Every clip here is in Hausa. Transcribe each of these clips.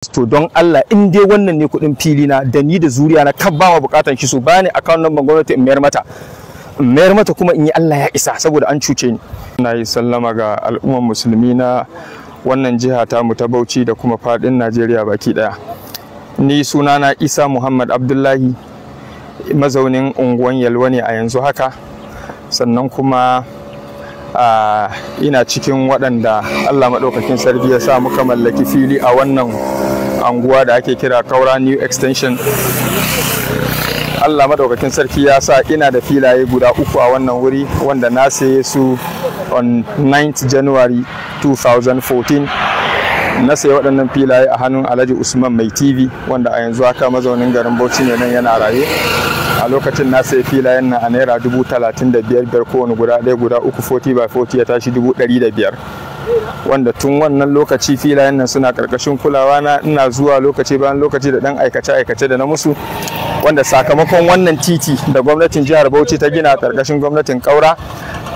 to don Allah in dai wannan ne kuɗin fili na da ni da zuriya na kan bawa bukatan shi su, bani account number gwamnati in mayar mata in mayar mata kuma in yi Allah ya isa saboda an cuce ni na yi sallama ga al'ummar musulmi na wannan jiha ta mu ta Bauchi da kuma fadin Najeriya baki daya ni sunana Isa Muhammad Abdullahi mazaunin unguwan Yalwa ne a yanzu haka sannan kuma ina cikin waɗanda Allah maɗaukakin sarki ya sa muka mallaki fili a wannan anguwa da ake kira kaura new extension allah madaukakin sarki ya sa ina da filaye guda uku a wannan wuri wanda na saye su on 9th january 2014 na sayi waɗannan filaye a hannun alhaji usman mai tv wanda a yanzu haka mazaunin garin bauchi ne nan yana raye a lokacin na sayi filayen nan a naira 35,000, ko wani kowane guda ɗaya guda uku 40 by 40 ya tashi dubu wanda tun wannan lokaci filayen nan suna karkashin kulawa na ina zuwa lokaci bayan lokaci da dan aikace aikace da na musu wanda sakamakon wannan titi da gwamnatin jihar Bauchi ta gina karkashin gwamnatin Kaura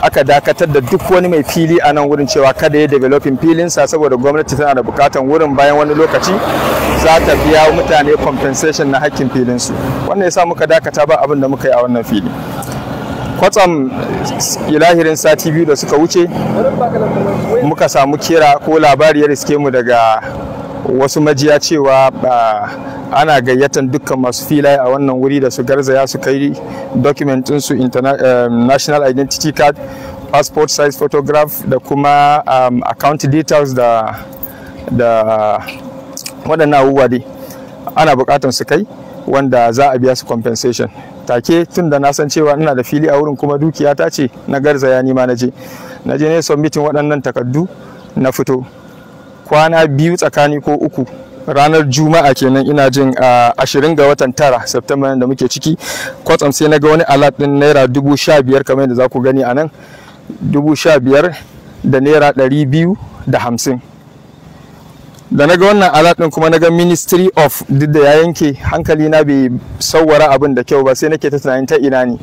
aka dakatar da duk wani mai fili a nan wurin cewa kada ya developing filinsa saboda gwamnati tana da bukatan wurin bayan wani lokaci za ta biya mutane compensation na hakkin filinsu wannan yasa muka dakata ba abin da muka yi a wannan fili kwatsam ilahirin sati biyu da suka wuce muka samu kera ko labari ya riske mu daga wasu majiya cewa ana gayyatan dukkan masu filaye a wannan wuri da su garzaya su kai document su eh, national identity card passport size photograph da kuma um, account details da da waɗannan abubuwa ana buƙatar su kai wanda za a biya su compensation take tun da na san cewa ina da fili a wurin kuma dukiya ta ce na garzaya nima na je na je ne submitin waɗannan takardu na fito kwana biyu tsakani ko uku ranar juma'a kenan ina jin a ashirin ga watan tara september da muke ciki kwatsam sai na ga wani alat ɗin naira dubu sha biyar kamar yadda za ku gani a nan dubu sha biyar da naira ɗari biyu da hamsin da na ga wannan alert din kuma na ga ministry of duk da ya yanke hankali na bai sauwara abin da kyau ba sai nake ta tunanin ta ina ne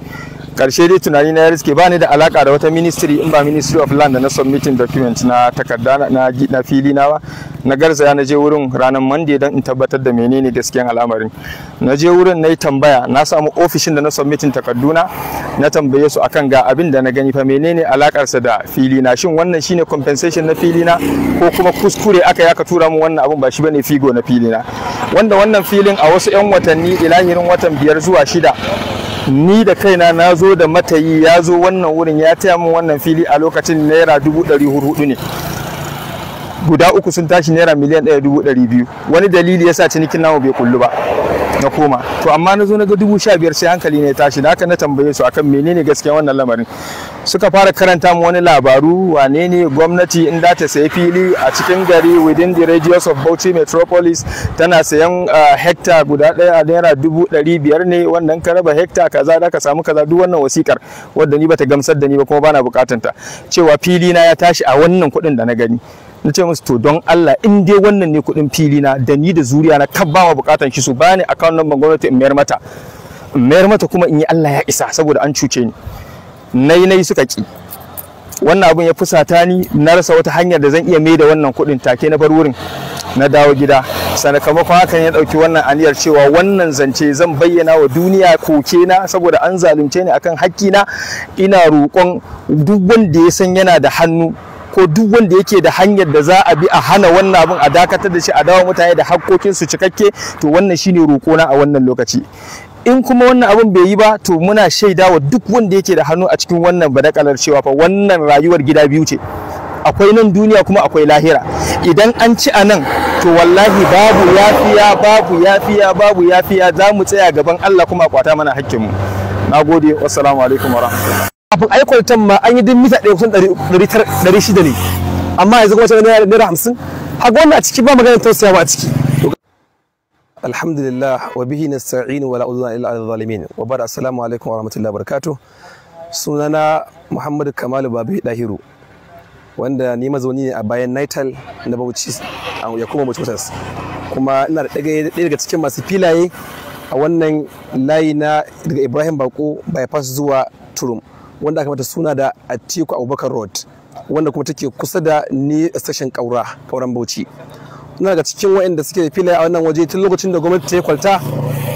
karshe dai tunani na ya ke ba da alaka da wata ministry in ba ministry of land na submitting document na takarda na na fili na ba na garzaya na je wurin ranar monday don in tabbatar da menene gaskiyan al'amarin na je wurin na yi tambaya na samu ofishin da na submitting takarduna na tambaye su akan ga abin da na gani fa menene alakarsa da fili na shin wannan shine compensation na fili na ko kuma kuskure aka yaka tura mu wannan abun ba shi bane figo na fili na wanda wannan filin a wasu 'yan watanni ilahirin watan biyar zuwa shida ni da kaina na zo da matayi ya zo wannan wurin ya taya min wannan fili a lokacin naira dubu ɗari hudu ne guda uku sun tashi naira miliyan ɗaya dubu ɗari biyu wani dalili ya sa cinikin namu bai kullu ba na koma to amma na zo na ga dubu sha biyar sai hankali ne tashi da haka na tambaye su akan menene gaskiya wannan lamarin suka fara karanta mu wani labaru wane ne gwamnati in za ta sayi fili a cikin gari within the radius of Bauchi metropolis tana sayan ah, hekta guda ɗaya a naira dubu ɗari biyar ne wannan ka raba hekta kaza da ka samu kaza duk wannan wasikar wadda ni bata gamsar da ni ba kuma bana bukatanta cewa fili na ya tashi a wannan kuɗin da na gani na ce musu to don Allah in dai wannan ne kuɗin fili na da ni da zuriya na kan ba bukatan shi su bani account number gwamnati in mayar mata in mayar mata kuma in yi Allah ya isa saboda an cuce ni nai nai suka ki wannan abun ya fusata ni na rasa wata hanyar da zan iya mai da wannan kuɗin take na bar wurin na dawo gida sakamakon hakan ya ɗauki wannan aniyar cewa wannan zance zan bayyana wa duniya koke na saboda an zalunce ni akan hakkina ina roƙon duk wanda ya san yana da hannu ko duk wanda yake da hanyar da za a bi a hana wannan abin a dakatar da shi a dawo mutane da su cikakke to wannan shine roƙona a wannan lokaci in kuma wannan abin bai yi ba to muna shaida wa duk wanda yake da hannu a cikin wannan badakalar cewa fa wannan rayuwar gida biyu ce akwai nan duniya kuma akwai lahira idan an ci a nan to wallahi babu yafiya babu yafiya babu yafiya za mu tsaya gaban Allah kuma kwata mana hakkinmu na gode wassalamu alaikum warahmatullahi kafin a yi kwalitan ma an yi duk mita ɗaya kusan ɗari shida ne amma yanzu kuma cewa naira hamsin haka wannan a ciki ba magana tausayawa a ciki alhamdulillah wa bihi sa'inu wa udwana na alal zalimin wa bada assalamu alaikum wa rahmatullahi barakatu sunana muhammadu kamalu babu dahiru wanda ni mazauni ne a bayan naital na bauchi a ya kuma mututas kuma ina da ɗaya daga cikin masu filaye a wannan layi na daga ibrahim bako bypass zuwa turum wanda aka mata suna da Atiku Abubakar Road wanda kuma take kusa da ni station Kaura Kauran Bauchi ina daga cikin waɗanda suke filaye a wannan waje tun lokacin da gwamnati ta kwalta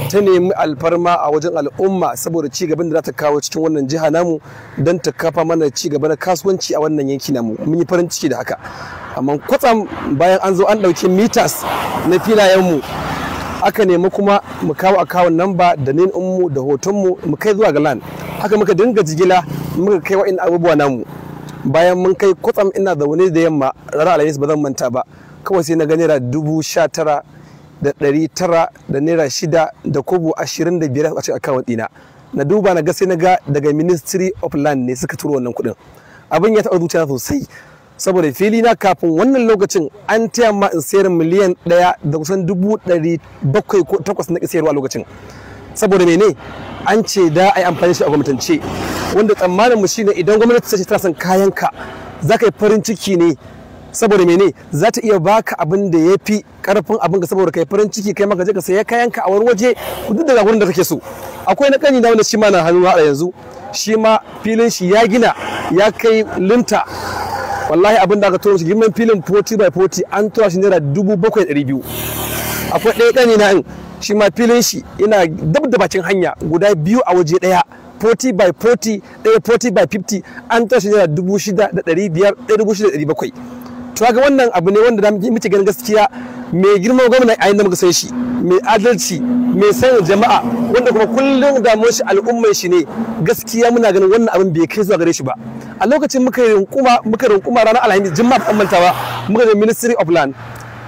ta nemi alfarma a wajen al'umma saboda ci gaban da za ta kawo cikin wannan jiha namu don ta kafa mana ci gaba na kasuwanci a wannan yanki namu mun yi farin ciki da haka amma kwatsam bayan an zo an ɗauki mitas na filayenmu aka nemi kuma mu kawo akawun namba da nin mu da hotonmu mu kai zuwa ga land haka muka dinga jigila muka kai wa'in abubuwa namu bayan mun kai kwatsam ina zaune da yamma ranar alhamis ba zan manta ba kawai sai na ga naira dubu sha tara da ɗari tara da naira shida da kobo ashirin da biyar a cikin akawun ɗina na duba na ga sai na ga daga ministry of land ne suka turo wannan kuɗin abin ya taɓa zuciya sosai saboda fili na kafin wannan lokacin an taya ma in sayar miliyan ɗaya da kusan dubu ɗari bakwai ko takwas na sayarwa lokacin saboda mene an ce da a yi amfani shi a gwamnatance wanda tsammanin mu shine idan gwamnati ta ce tana son kayan ka za ka yi farin ciki ne saboda mene za ta iya baka abin da ya fi karfin abin ka saboda kai farin ciki kai maka je ka saya kayan ka a wani waje duk daga gurin da kake so akwai na kanyi na wanda shi ma na hannu hada yanzu shi ma filin shi ya gina ya kai linta. wallahi abin da aka tura shi girman filin 40 by 40 an tura shi naira dubu bakwai ɗari akwai ɗaya kanyi na in shi ma filin shi yana dab da bakin hanya guda biyu a waje ɗaya 40 by 40 ɗaya 40 by 50 an tashi da 6,500 eh, to ga wannan abu ne wanda muke ganin gaskiya mai girma gwamna a yanda muka san shi mai adalci mai sanin jama'a wanda kuma kullum damuwar shi al'ummar shi ne gaskiya muna ganin wannan abin bai kai zuwa gare shi ba a lokacin muka rinkuma muka rinkuma ranar alhamis juma'a mantawa muka je ministry of land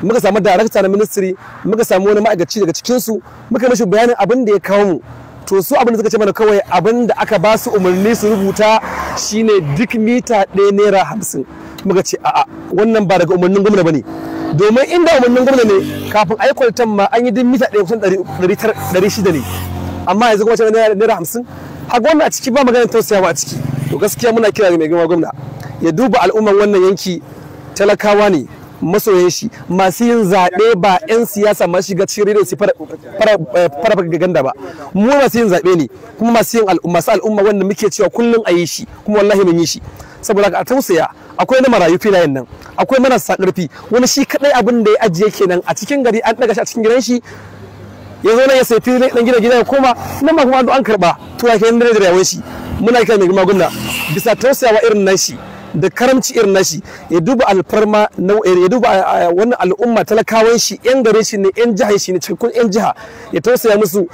muka samu darakta na ministry muka samu wani ma'aikaci daga cikinsu muka mashi bayanin abin da ya kawo mu to su abin da suka ce mana kawai abin da aka ba su umarni su rubuta shine duk mita ɗaya naira hamsin muka ce a'a wannan ba daga umarnin gwamna ba ne domin inda umarnin gwamna ne kafin a yi ma an yi duk mita ɗaya kusan ɗari shida ne amma yanzu kuma ce naira hamsin haka wannan a ciki ba maganin tausayawa a ciki to gaskiya muna kira ga mai girma gwamna ya duba al'umman wannan yanki talakawa ne masoyan shi masu yin zaɓe ba 'yan siyasa masu shiga cikin rediyo su fara eh, ganda ba mu masu yin zaɓe ne kuma masu yin masu al'umma wanda muke cewa kullum a yi shi kuma wallahi mun yi shi saboda a tausaya akwai na marayu filayen nan akwai marasa ƙarfi wani shi kaɗai abin da ya ajiye kenan a cikin gari an ɗaga shi a cikin gidan shi ya zo nan ya sai filin ɗan gida gida ya koma nan ma kuma an karɓa to ya kai da yawon shi muna kira mai maguna bisa tausayawa irin nan shi da karamci irin nashi ya duba alfarma ya duba wani al'umma talakawan shi yan gare shi ne yan jihar shi ne cikin yan jiha ya tausaya musu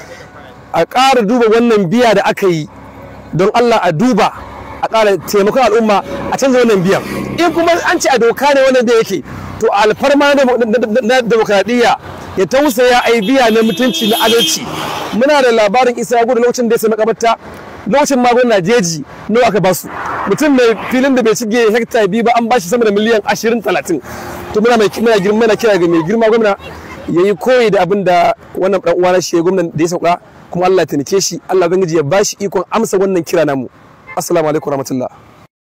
a ƙara duba wannan biya da aka yi don Allah a duba a ƙara taimakon al'umma a canza wannan biyan in kuma an ce a doka ne wannan da yake to alfarma na demokradiyya ya tausaya a biya na mutunci na adalci muna da labarin isa gudu lokacin da ya sami kabarta lokacin magunguna jeji nawa aka su? mutum mai filin da bai shige hekta biyu ba an bashi sama da miliyan ashirin talatin to muna mai muna girma muna kira ga mai girma gwamna ya yi koyi da abin da wannan dan uwa na shi gwamnan da ya sauka kuma Allah ya taimake shi Allah ubangiji ya bashi ikon amsa wannan kira namu assalamu alaikum warahmatullahi